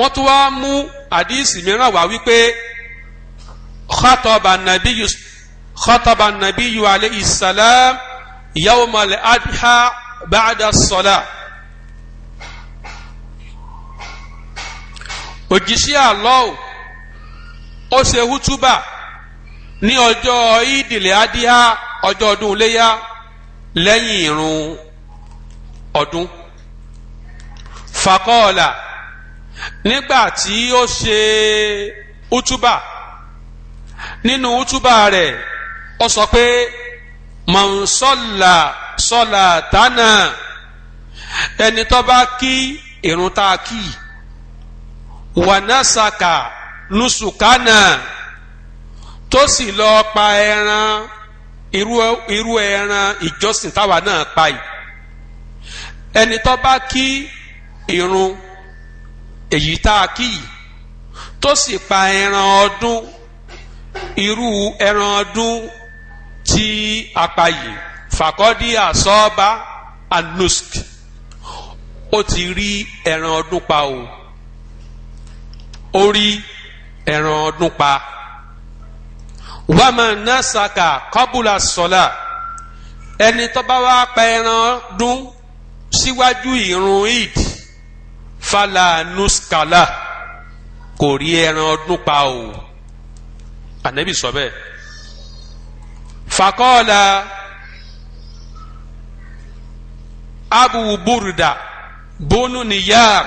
wọ́n tún wá mú àdíìsì mìíràn wá wípé khataba nabiyu khataba nabiyu alayhi salam yawmal adha ba'da as-salah. òjíṣẹ́ àlọ́ ó ṣe hútúbà ní ọjọ́ ìdìlẹ̀ adíhá ọjọ́ ọdún iléyà lẹ́yìn irun ọdún. faqala nígbà tí ó ṣe útúbà nínú útúbà rẹ̀ ó sọ pé mọ̀nsọ́là sọ́là tánà ẹni tó bá kí irun tá a kì wànásàkà nùsùkánà tó sì lọ pa ẹran irú ẹran ìjọsìn táwa náà pa yìí ẹni tó bá kí irun èyí tá a kí yìí tó sì pa ẹran ọdún irú ẹran ọdún tí a pa yìí fàkọ́dí àsọ́ọ́bá anusk ó ti rí ẹran ọdún pa o ó rí ẹran ọdún pa wàmà nasaka kọ́bùlà sọ́là ẹni tó bá wá pa ẹran ọdún síwájú ìrun ìdí fala nuskala kò rí ẹran ọdún pa o ànábì sọ bẹ́ẹ̀ fakọ́ọ̀la abu burda bonu niyar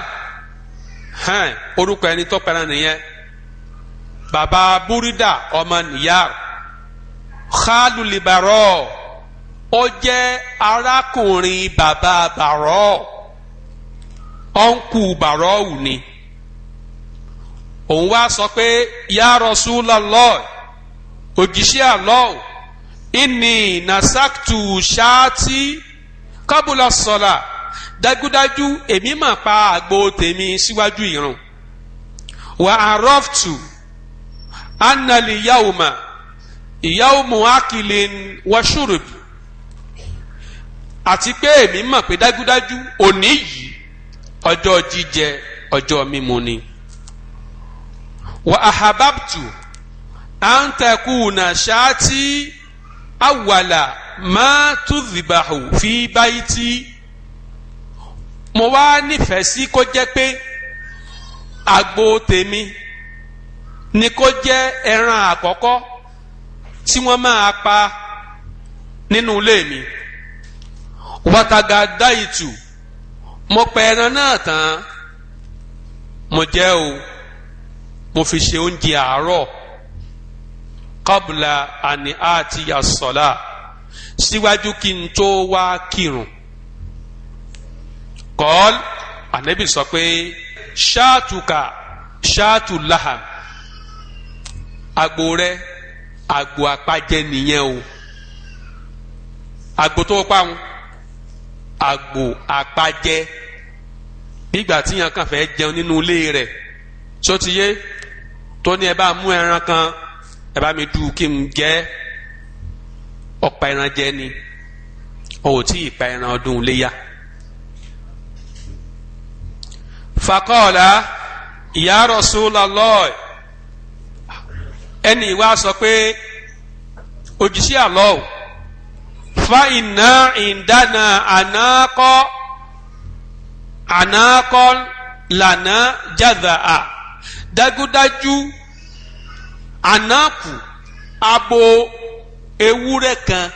hàn orúkọ ẹni tó pẹ́ran nìyẹn baba burda ọmọ niyar khalu libarọ ó jẹ́ arákùnrin baba barọ ọ̀nkù bàrọ́ọ̀hù ni òun wá sọ pé ya Rasulullah òjíṣẹ́ Allah inni nasaktu ṣáàtì kábùlà sọ̀là dájúdájú èmi mà pa àgbo tèmi síwájú ìrun wa araftu annali yawma yawmu akilin wa shurub àti pé èmi mọ̀ pé dájúdájú òní yìí ọjọ́ jíjẹ ọjọ́ mímu ni. wa ahababtu an takuna shati awwala ma tudhibahu fi bayti mo wá nífẹ̀ẹ́ sí kó jẹ́ pé agbo tèmi ni kó jẹ́ ẹran àkọ́kọ́ tí wọ́n máa pa nínú ilé mi wàtàgà dáìtù mo pa ẹran náà tán mo jẹ o mo fi ṣe oúnjẹ àárọ̀ kọbùlà àní àti yasọlá síwájú kí n tó wá kírun kọ́l ànábì sọ pé ṣáàtùkà ṣáàtù laham agbo rẹ agbo apájẹ nìyẹn o agbo tó pa wọn àgbò àpajẹ nígbà tí yàn kàn fẹ́ jẹun nínú ilé rẹ̀ tó ti yé tó ní ẹ bá mú ẹran kan ẹ bá mi dù kí n jẹ ọ̀pá ẹran jẹ ni o tí ì ẹran ọdún léyà. fakọ́ọ̀lá ya Rasulullah ẹni ìwà sọ pé òjíṣẹ́ àlọ́ọ̀. فإن عندنا أناق أناق لنا جذع dájúdájú ànáàpù abo ewúrẹ́ kan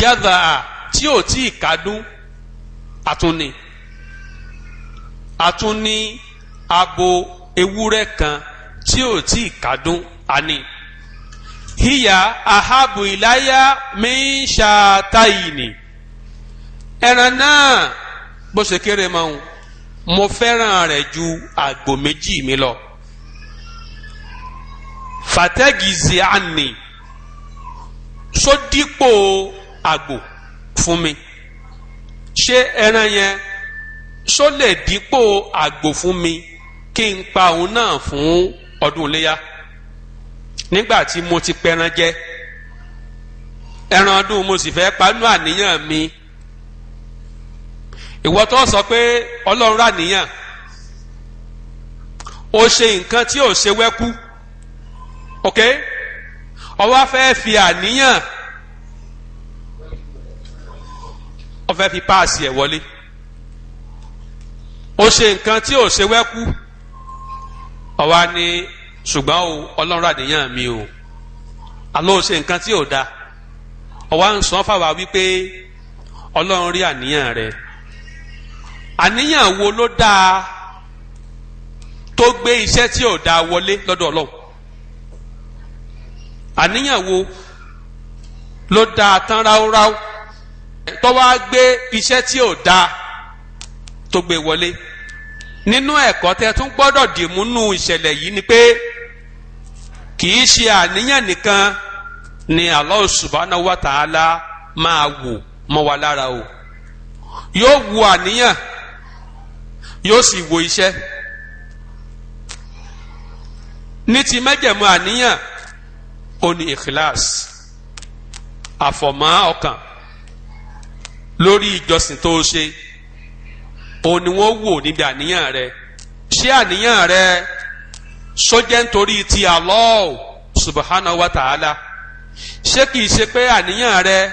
jádà tí ò tí kadu abo kan tí o tí hiya ahabu ilaya min ṣaataini ẹran náà bó ṣe kéré máa ń mo fẹ́ràn rẹ̀ ju àgbò méjì mi lọ fàtẹ́gìzì àní sódípò àgbò fún mi ṣé ẹran yẹn só lè dípò àgbò fún mi kí n pa òun náà fún ọdún iléyà nígbà tí mo ti pẹran jẹ ẹran ọdún mo sì fẹ́ panú àníyàn mi ìwọ tó sọ pé ọlọ́run rà níyàn o ṣe nǹkan tí o ṣe wẹ́kú ok ọwọ́ fẹ́ fi àníyàn o fẹ́ fi páàsì ẹ̀ wọlé o ṣe nǹkan tí o ṣe wẹ́kú ọwọ́ á ní ṣùgbọ́n o ọlọ́run àdéhàn mi o àlọ́ ṣe nǹkan tí ò da ọ̀wá ń sọ fáwa wípé ọlọ́run rí àníyàn rẹ àníyàn wo ló dáa tó gbé iṣẹ́ tí ò da wọlé lọ́dọ̀ ọlọ́run àníyàn wo ló dáa tán ráúráú tó wá gbé iṣẹ́ tí ò da tó gbé wọlé nínú ẹ̀kọ́ tẹ́ tún gbọ́dọ̀ dìmú nù ìṣẹ̀lẹ̀ yìí ni pé kì í ṣe àníyàn nìkan ni Allah subhanahu wa ta'ala máa wò mọ́ wa lára o yóò wo àníyàn yóò sì wo iṣẹ́ ní ti májẹ̀mú àníyàn ó ní ìkíláàsì àfọ̀mọ́ ọkàn lórí ìjọsìn tó ṣe òun ni wọ́n wò níbi àníyàn rẹ ṣé àníyàn rẹ sójẹ́ nítorí ti Allah subhanahu wa ta'ala ṣé kìí ṣe pé àníyàn rẹ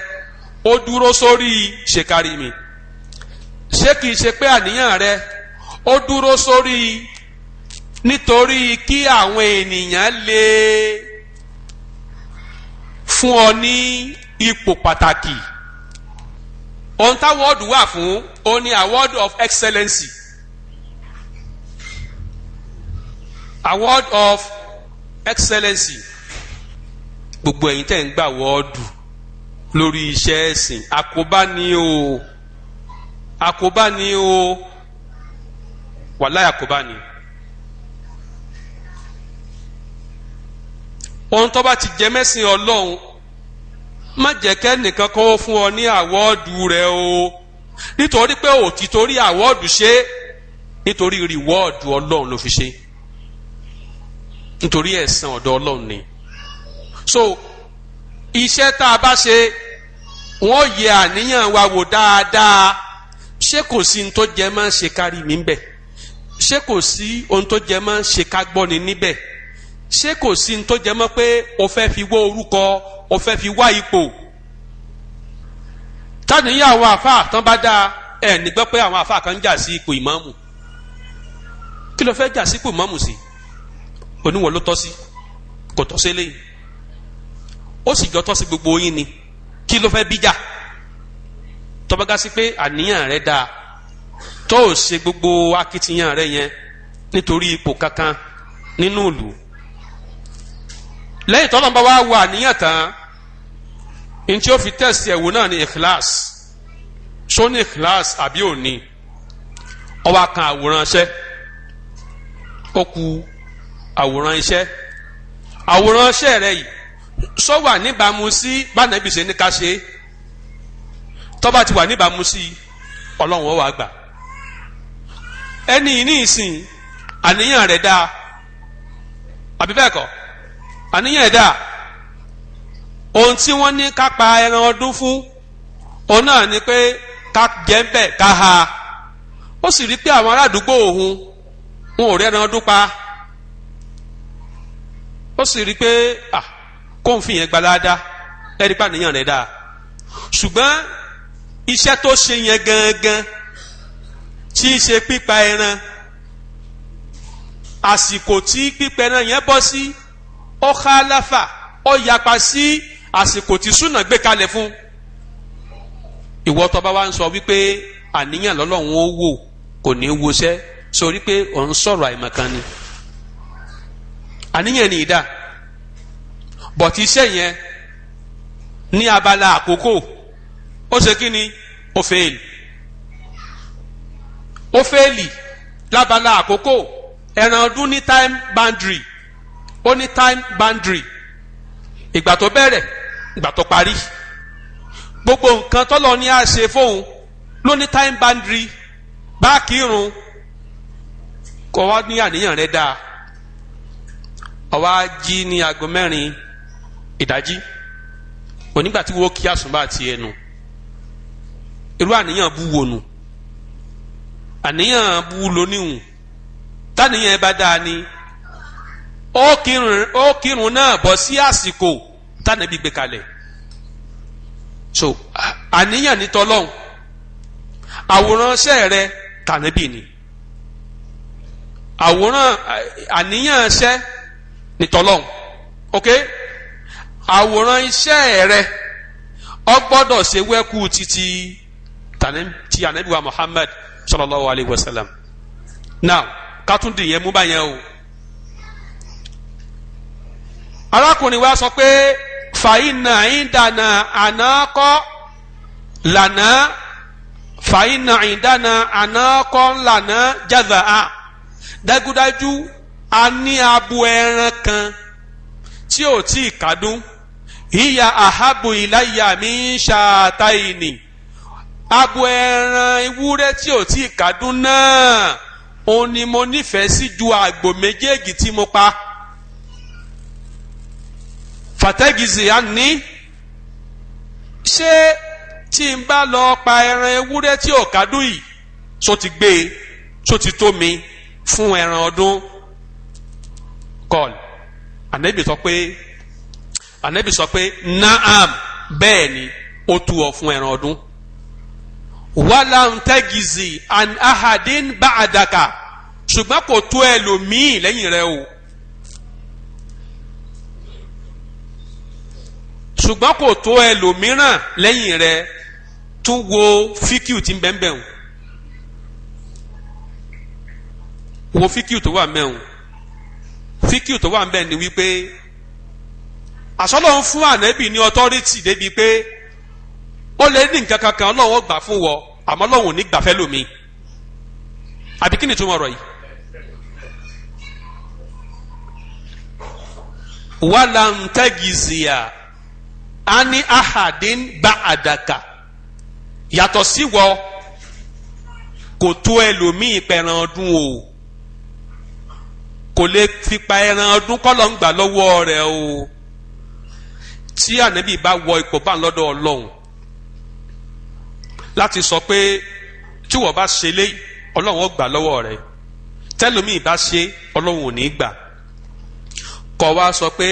ó dúró sórí ṣèkárí mi ṣé kìí ṣe pé àníyàn rẹ ó dúró sórí nítorí kí àwọn ènìyàn lè fún ọ ní ipò pàtàkì ohun táwọ́ọ̀dù wà fún ó ní award of excellency award of excellency gbogbo ẹ̀yin tẹ̀ ń gbà wọ́ọ̀dù lórí iṣẹ́ ẹ̀sìn àkóbá ni o àkóbá ni o wàláyà àkóbá ni. ohun tó bá ti jẹ mẹ́sìn ọlọ́run má jẹ́ kẹ́nìkan kó fún ọ ní àwọ́ọ̀dù rẹ o nítorí pé òtítọ́ rí àwọ́ọ̀dù ṣe nítorí rìwọ́ọ̀dù ọlọ́run ló fi ṣe nítorí ẹ̀san ọ̀dọ̀ ọlọ́run ni so iṣẹ́ tá a bá ṣe wọ́n yẹ àníyàn wa wò dáadáa ṣé kò sí ohun tó jẹ mọ́ ṣe kárí mi níbẹ̀ ṣé kò sí ohun tó jẹ mọ́ ṣe ká gbọ́ ni níbẹ̀ ṣé kò sí ohun tó jẹ mọ́ pé o fẹ́ fi wá orúkọ o fẹ́ fi wá ipò tàníyàn àwọn àfáà tán bá dáa ẹ̀ nígbà pé àwọn àfáà kan ń jà sí ipò ìmáàmù kí ló fẹ́ jà sí ipò ìmáàmù sí. Si? oníwọ̀n ló tọ́ sí kò tọ́ sí eléyìí ó sì jọ tọ́ sí gbogbo yín ni kí ló fẹ́ bíjà tọ́bọ́gá sí pé àníyàn rẹ dáa tó o ṣe gbogbo akitiyan rẹ yẹn nítorí ipò kankan nínú ìlú lẹ́yìn tọ́lọ́n bá wá wo àníyàn tán ní tí ó fi tẹ̀sí ẹ̀wò náà ní ikhlas ṣó ní ikhlas àbí òní ó wá kan ó ku àwòrán iṣẹ́ àwòrán iṣẹ́ rẹ yìí sọ wà níbàámu sí bánàbí ṣe ní ká ṣe tó bá ti wà níbàámu sí ọlọ́run ó wá gbà ẹni ní ìsìn àníyàn rẹ̀ dáa àbí bẹ́ẹ̀ kọ́ àníyàn rẹ̀ dáa ohun tí wọ́n ní ká pa ẹran ọdún fún òun náà ni pé ká jẹ́ ń ká ha ó sì rí pé àwọn ará òun wọn ò rẹ́ran ọdún pa ó sì rí i pé à kóun fi yẹn gba dáadáa ẹ̀rí pàníyàn rẹ̀ dáa ṣùgbọ́n iṣẹ́ tó ṣe yẹn gangan tí í ṣe pípa ẹran àsìkò tí pípa ẹran yẹn bọ́ sí ó ká láfà ó yapa sí àsìkò tí súnà gbé kalẹ̀ fún ìwọ tó bá ń sọ wípé àníyàn lọ́lọ́run ó wò kò ní í wọṣẹ́ sórí pé òun sọ̀rọ̀ àìmọ̀kan ni àníyàn ní ìdá bọ̀tí iṣẹ́ yẹn ní abala àkókò ó ṣe kí ni ó fẹ́ẹ̀lì ó fẹ́ẹ̀lì lábala àkókò ẹran ọdún ní time boundary ó ní time boundary ìgbà tó bẹ̀rẹ̀ ìgbà tó parí gbogbo nǹkan tọ́lọ ní a fóun ló ní time boundary bá kírun kọ́ wá ní àníyàn rẹ dáa àwa jí ní aago mẹ́rin ìdájí onígbà tí wọ́n kí àsùnbà tiẹ̀ nù irú àníyàn bú wò nù àníyàn bú lóníhùn táníyàn bá dáa ni ó kírun ó kírun náà bọ́ sí àsìkò tánàbí gbé kalẹ̀ so àníyàn ní àwòrán ṣẹ́ rẹ tànàbí ni àwòrán àníyàn ṣẹ́ nítọ́lọ́hún ok àwòrán iṣẹ́ rẹ ọ gbọ́dọ̀ ṣe wẹ́kú títí ti anabiwa Muhammad sallallahu alayhi wa sallam now kátúndì yẹn mú báyẹn o arákùnrin wa sọ pé fàyínà ìdáná ànákọ́ lànà fàyínà ìdáná ànákọ́ lànà jàdà á dájúdájú a ní abo ẹran kan tí ò tí ì kádùn ìyá àhábò ìláyà mi ń ṣàtàìní abo ẹran ewúrẹ́ tí ò tí ì kádùn náà òun ni mo nífẹ̀ẹ́ sí ju àgbò méjèèjì tí mo pa fàtẹ́gìzì á ní ṣé tí n bá lọ pa ẹran ewúrẹ́ tí ò kádùn yìí tó ti gbé e tó ti tó mi fún ẹran ọdún kọ́ọ̀lù ànẹ́bì sọ pé ànẹ́bì sọ pé naam bẹ́ẹ̀ ni ó tu ọ fún ẹran ọdún wàlàm tẹ́gìzì an ahadin ba'adaka ṣùgbọ́n kò tó ẹlòmíì lẹ́yìn rẹ o ṣùgbọ́n kò tó ẹlòmíràn lẹ́yìn rẹ tún wo fíkìú tí ń bẹ́ẹ̀ bẹ́ẹ̀ o wo fíkìú tó wà mẹ́wọ̀n fíkì tó wà ń bẹ̀ ni wípé àsọlọ́run fún ànẹ́bì ní ọtọ́rìtì débi pé ó lè ní nǹkan kankan ọlọ́run gbà fún wọ àmọ́ ọlọ́run ò ní gbà fẹ́ lómi àbí kí ni túmọ̀ ọ̀rọ̀ yìí. wàlàǹtẹ́gìzìyà á ní ahadin bá àdàkà yàtọ̀ sí wọ kò tó ẹlòmíì pẹ̀ràn ọdún o kò lè fipa ẹran ọdún kọ́lọ̀ ń gbà lọ́wọ́ rẹ̀ o tí ànábì bá wọ ipò bá ń lọ́dọ̀ ọlọ́run láti sọ pé tí wọ́n bá ṣe lé ọlọ́run ó gbà lọ́wọ́ rẹ̀ tẹ́lómìn bá ṣe ọlọ́run ò ní gbà kọ́ wa sọ pé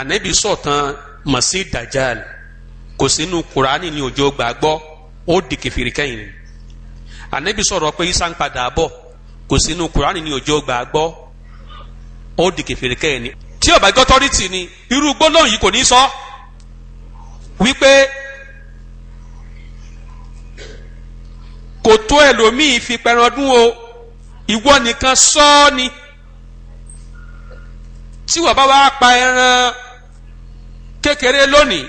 ànábì sọ̀tàn mọ̀sí dajjal kò sínú kùránì ní òjò gbàgbọ́ ó di kẹfìrí kẹ́yìn ànábì sọ̀rọ̀ pé isa padà bọ̀ kò sínú kùránì ní òjò gbàgbọ́ ó di kẹfẹ́rẹ́ kẹ́ ẹ̀ ni tí ó bá jẹ́ authority ni irú gbólóhùn yìí kò ní sọ wípé kò tó ẹlòmíì fi pẹran ọdún o ìwọ nìkan sọ ọ́ ni tí wọ́n bá pa ẹran kékeré lónìí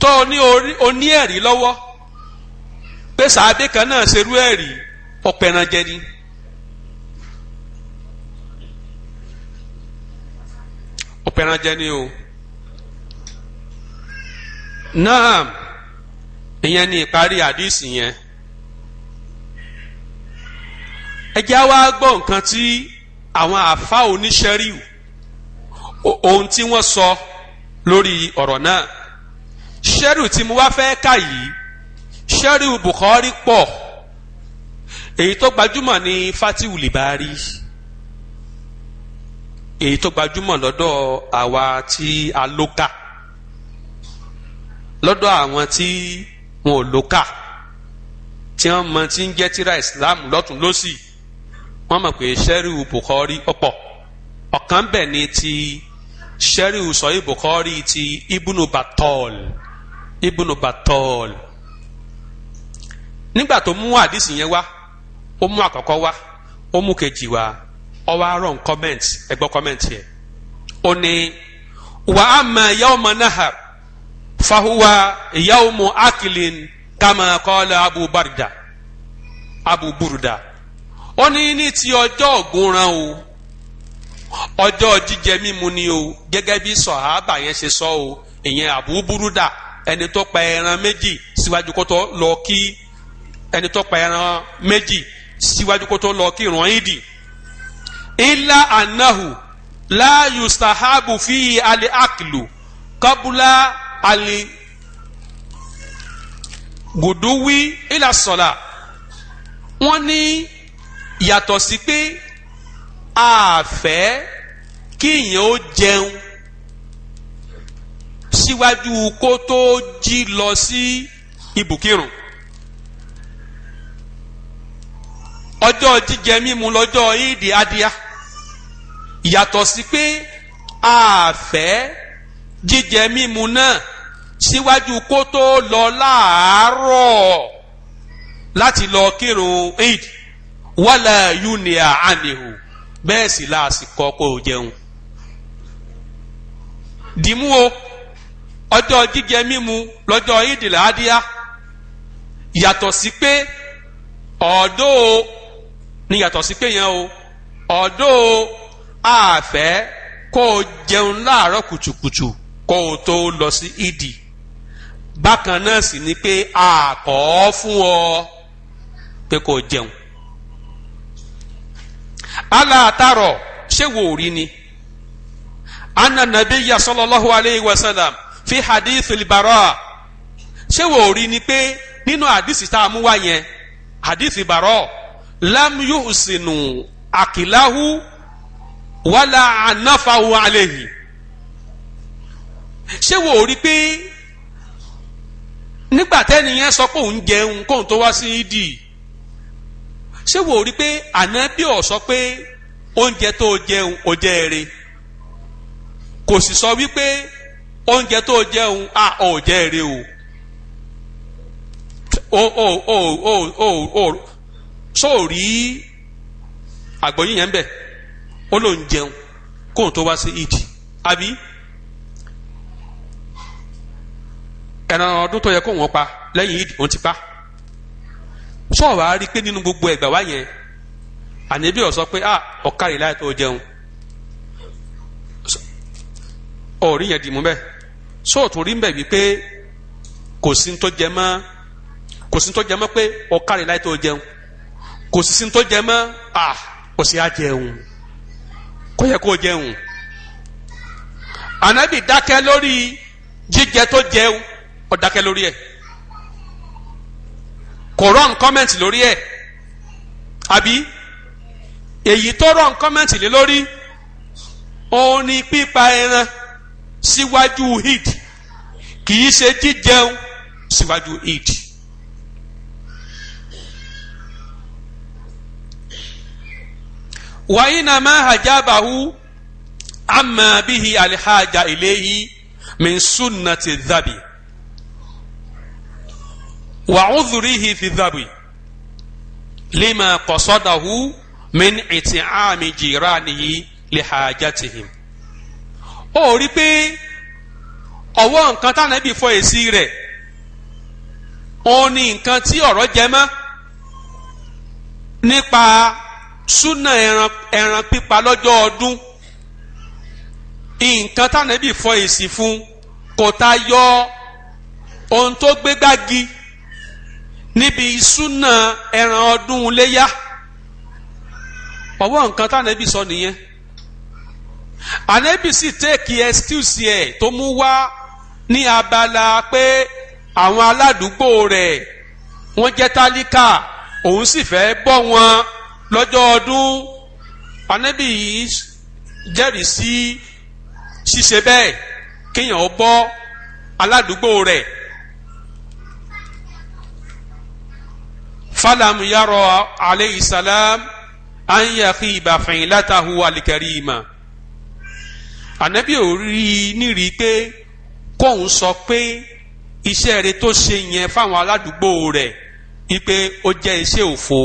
tó oní ẹ̀rí lọ́wọ́ pé sàábé kan náà ṣerú ẹ̀rí ọ̀pẹ̀rànjẹ ni. pẹran jẹ ni o naam ìyẹn ni ìparí àdìsí yẹn ẹ já wá gbọ́ nǹkan tí àwọn àfa oníṣẹ́ríù ohun tí wọ́n sọ lórí ọ̀rọ̀ náà ṣẹ́ríù tí mo wá fẹ́ kà yìí ṣẹ́ríù Bukhari pọ̀ èyí tó gbajúmọ̀ ní Fatihul Bari èyí tó gbajúmọ̀ lọ́dọ̀ àwa tí a lókà lọ́dọ̀ àwọn tí wọn ò lókà tí wọ́n mọ tí ń jẹ́ tíra Islam lọ́tún lọ́sì wọ́n mọ̀ pé sẹ́ríù Bukhari ọ̀pọ̀ ọ̀kan bẹ̀ ni ti sẹ́ríù sọ̀yìn Bukhari ti Ibnu Batol Ibnu Batol nígbà tó mú àdìsí yẹn wá ó mú àkọ́kọ́ wá ó mú kejì wá ọwọ́ aron comment ẹgbọ́ comment yẹ ó ní wà á mọ yawma nahar fahuwa yawmu akilin kama qala abu barda abu burda ó ní ní ti ọjọ́ ògúnran o ọjọ́ jíjẹ mímu ni o gẹ́gẹ́ bí sọ̀hábà yẹn ṣe sọ o ìyẹn abu burda ẹni tó pa ẹran méjì síwájú kó tó lọ kí ẹni tó pa ẹran méjì síwájú kó tó kí ìrun ìdì illa anahu la yustahabu fihi ali aklu kabula ali guduwi ila sola wọ́n ní yàtọ̀ sí pé a fẹ́ kíyàn ó jẹun síwájú kó tó jí lọ sí ibùkírùn ọjọ́ jíjẹ mímu lọ́jọ́ ìdí adìyà yàtọ̀ sí pé a fẹ́ jíjẹ mímu náà síwájú kó tó lọ láàárọ̀ láti lọ kírun eid wàlà yunia ànihò bẹ́ẹ̀ sì láàsìkò kó o jẹun. dìmú o ọjọ́ jíjẹ mímu lọ́jọ́ ìdìlẹ̀ adíá yàtọ̀ sí pé ọ̀dọ́ o ní yàtọ̀ sí pé yẹn o ọ̀dọ́ o a fẹ́ kó o jẹun láàárọ̀ kùtùkùtù kó o tó lọ sí ìdí bákan náà sì ni pé a kọ̀ ọ́ fún ọ pé kó o jẹun aláàtàrọ̀ ṣé wò ó rí ni anna nabiyya sallallahu wa sallam fi hadith al-bara ṣé wò rí ni pé nínú àdìsí tá a mú wá yẹn àdìsí bara lam yuhsinu akilahu. wàlà ànáfàwọ alẹ yìí ṣé wò ó rí pé nígbà tẹ́niyẹn sọ pé òun jẹun kóun tó wá sí ìdí ṣé wò ó rí pé ànábì ọ̀ sọ pé oúnjẹ tó jẹun ò jẹ èrè kò sì sọ wípé oúnjẹ tó jẹun à ò jẹ èrè o o o o o o so rí àgbọ̀yìn yẹn bẹ́ẹ̀ ó lòún jẹun kóun tó wá sí ìdí àbí ẹran ọdún tó yẹ kóun ó pa lẹ́yìn ìdí òun ti pa sọ̀rọ̀ á rí i pé nínú gbogbo ẹ̀gbà wá yẹn ànábì ó sọ pé ah ọ̀kárì láì tó jẹun ọ̀rí yẹn dì mú bẹ́ẹ̀ sóòtú rí bẹ́ẹ̀ wípé kò sí tó jẹ mọ́ kò sí tó jẹ mọ́ pé ọ̀kárì láì tó jẹun kò sí tó jẹ mọ́ ah kò sí á jẹun kò yẹ kó jẹun ànábì dákẹ́ lórí jíjẹ tó jẹun ó dákẹ́ lórí ẹ̀ kò rán comment lórí ẹ̀ àbí èyí tó rán comment lé lórí òun ni pípa ẹran síwájú Eid kì í ṣe jíjẹun síwájú Eid. wàyínàmá hajabahu amma bihi alihaja ilayhi min sunnati dhabi wa udhurihi fi dhabi lima qasadahu min iti'ami jiranihi lihajatihim ó rí pé ọwọ́ nǹkan tánàbí fọ èsì rẹ̀ òun ni nǹkan tí ọ̀rọ̀ jẹ mọ́ nípa súnà ẹran ẹran pípa lọ́jọ́ ọdún nǹkan tànẹ́bì fọ èsì fún kò ta yọ ohun tó gbé gbági níbi súnà ẹran ọdún léyà ọwọ́ nǹkan tànẹ́bì sọ nìyẹn ànẹ́bì sì tẹ́ẹ̀kì ẹ́skúùsì ẹ̀ tó mú wá ní abala pé àwọn aládùúgbò rẹ̀ wọ́n jẹ́ tálíkà òun sì fẹ́ bọ́ wọn lọ́jọ́ ọdún anabi yìí jẹ́rìí sí ṣíṣe bẹ́ẹ̀ kéèyàn ó bọ́ aládùúgbò rẹ̀ falamu yarọ aleyhi salam an yàkí ìbàfẹ̀yìn látàhù alikẹ́rìmà anabi ò rí i nírí pé kóun sọ pé iṣẹ́ rẹ̀ tó ṣe yẹn fáwọn aládùúgbò rẹ̀ wípé ó jẹ́ iṣẹ́ òfo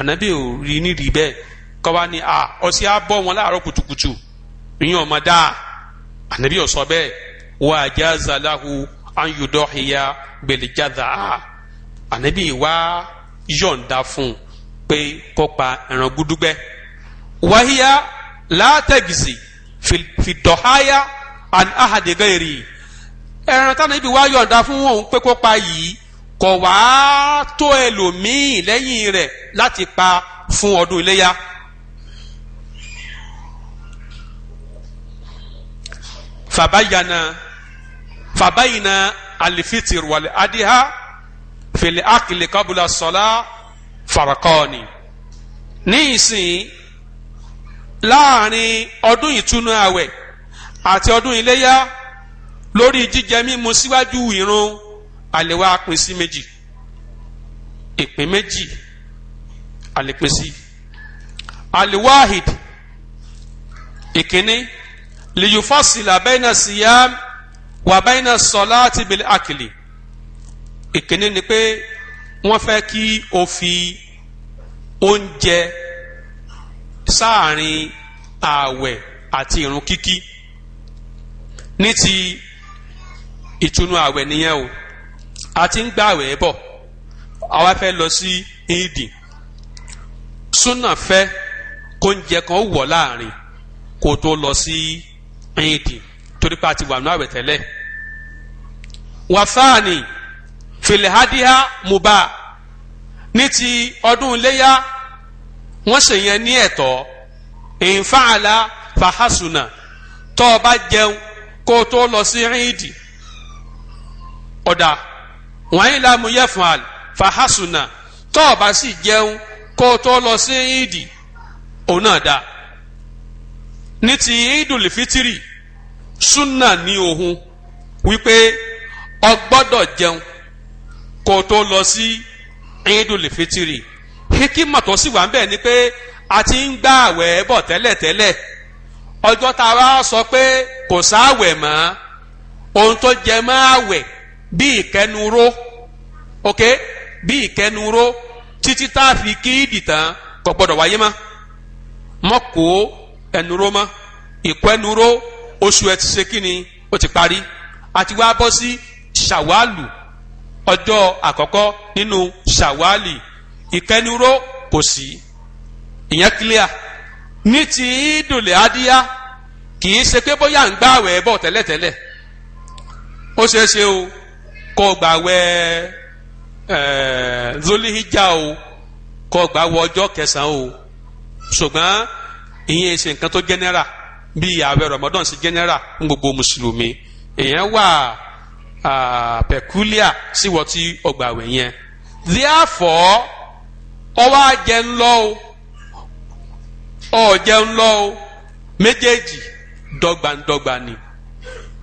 ànábì ò rí nídìí bẹ́ẹ̀ kọ́ba ni a ọsẹ abọ́ wọn láàárọ̀ kùtùkùtù ìyẹn ọmọ dáa ànábì ò sọ bẹ́ẹ̀ wà á já zalahu anyudọ́ ìyá gbèlèjàdà a ànábì wá yọ̀ǹda fún un pé kọ́pa ẹran gúdúgbẹ́ wáhíyá látẹ̀gìsì fìdọ̀háyá an ahadegayri ẹran tánàbí wá yọ̀ǹda fún wọn pé kọ́pa yìí kò wá tó ẹlòmíì lẹ́yìn rẹ̀ láti pa fún ọdún iléyá. fàbáyana fàbáyina alifitir wàlẹ adiha fèlè akele kábùlà sọlá farakọọni ní ìsìn láàrin ọdún ìtúnu àwẹ̀ àti ọdún iléyá lórí jíjẹ mímu síwájú ìrun a lè wá pín sí méjì ìpín méjì a lè pín sí aliwahid ìkíní liyufasila bẹ́ẹ̀nà siyam wà bẹ́ẹ̀nà sọlá àti bẹ̀lẹ̀ àkìlì ìkíní ni pé wọ́n fẹ́ kí o fi oúnjẹ sáàrin ààwẹ̀ àti ìrun kíkí ní ti ìtùnú ààwẹ̀ nìyẹn o a ti ń gbàwẹ̀ bọ̀ àwa fẹ́ lọ sí ìdì súnà fẹ́ kó ń jẹ kan wọ̀ láàrin kó tó lọ sí ìdì torí pé ti wà nù àwẹ̀ tẹ́lẹ̀ wàfáàní filihadiha muba ní ti ọdún iléyà wọ́n sì yẹn ní ẹ̀tọ́ ìfàlà fàhásùnà tó o bá jẹun kó tó lọ sí ìdì ọ̀dà wọ́n yín lámú yẹ fún àlè fàhásùnà tó o bá sì jẹun kó o tó lọ sí ìdì òun náà dá ní ti ìdùlì fitiri súnà ní òhun wípé o gbọ́dọ̀ jẹun kó o tó lọ sí ìdùlì fitiri hikima tó sì wà ń bẹ̀ ni pé a ti ń gba àwẹ̀ bọ̀ tẹ́lẹ̀tẹ́lẹ̀ ọjọ́ tá a wá sọ pé kò sáwẹ̀ mọ́ ohun tó jẹ mọ́ àwẹ̀ bí ìkẹnuró ok bí ìkẹnuró títí tá a fi kí ìdìtàn kò gbọdọ̀ wáyé mọ́ mọ́ ẹnuró mọ́ ìkẹnuró oṣù ẹ ti ṣe kí ni ó ti parí àti wá bọ́ sí ṣàwálù ọjọ́ àkọ́kọ́ nínú ṣàwálì ìkẹnuró kò sí ti kì í ṣe pé bóyá ń gbààwẹ̀ bọ̀ tẹ́lẹ̀tẹ́lẹ̀ ó o. kó gbààwẹ̀ zolihija o kó gbà wọ ọjọ kẹsàn o ṣùgbọ́n ìyẹn ṣe nǹkan tó jẹ́nẹ́rà bíi ààwẹ̀ Ramadan sí jẹ́nẹ́rà gbogbo mùsùlùmí èèyàn wà pẹ̀kúlíà síwọ́ tí ọgbàwẹ̀ yẹn therefore ọwọ́ ńlọ o méjèèjì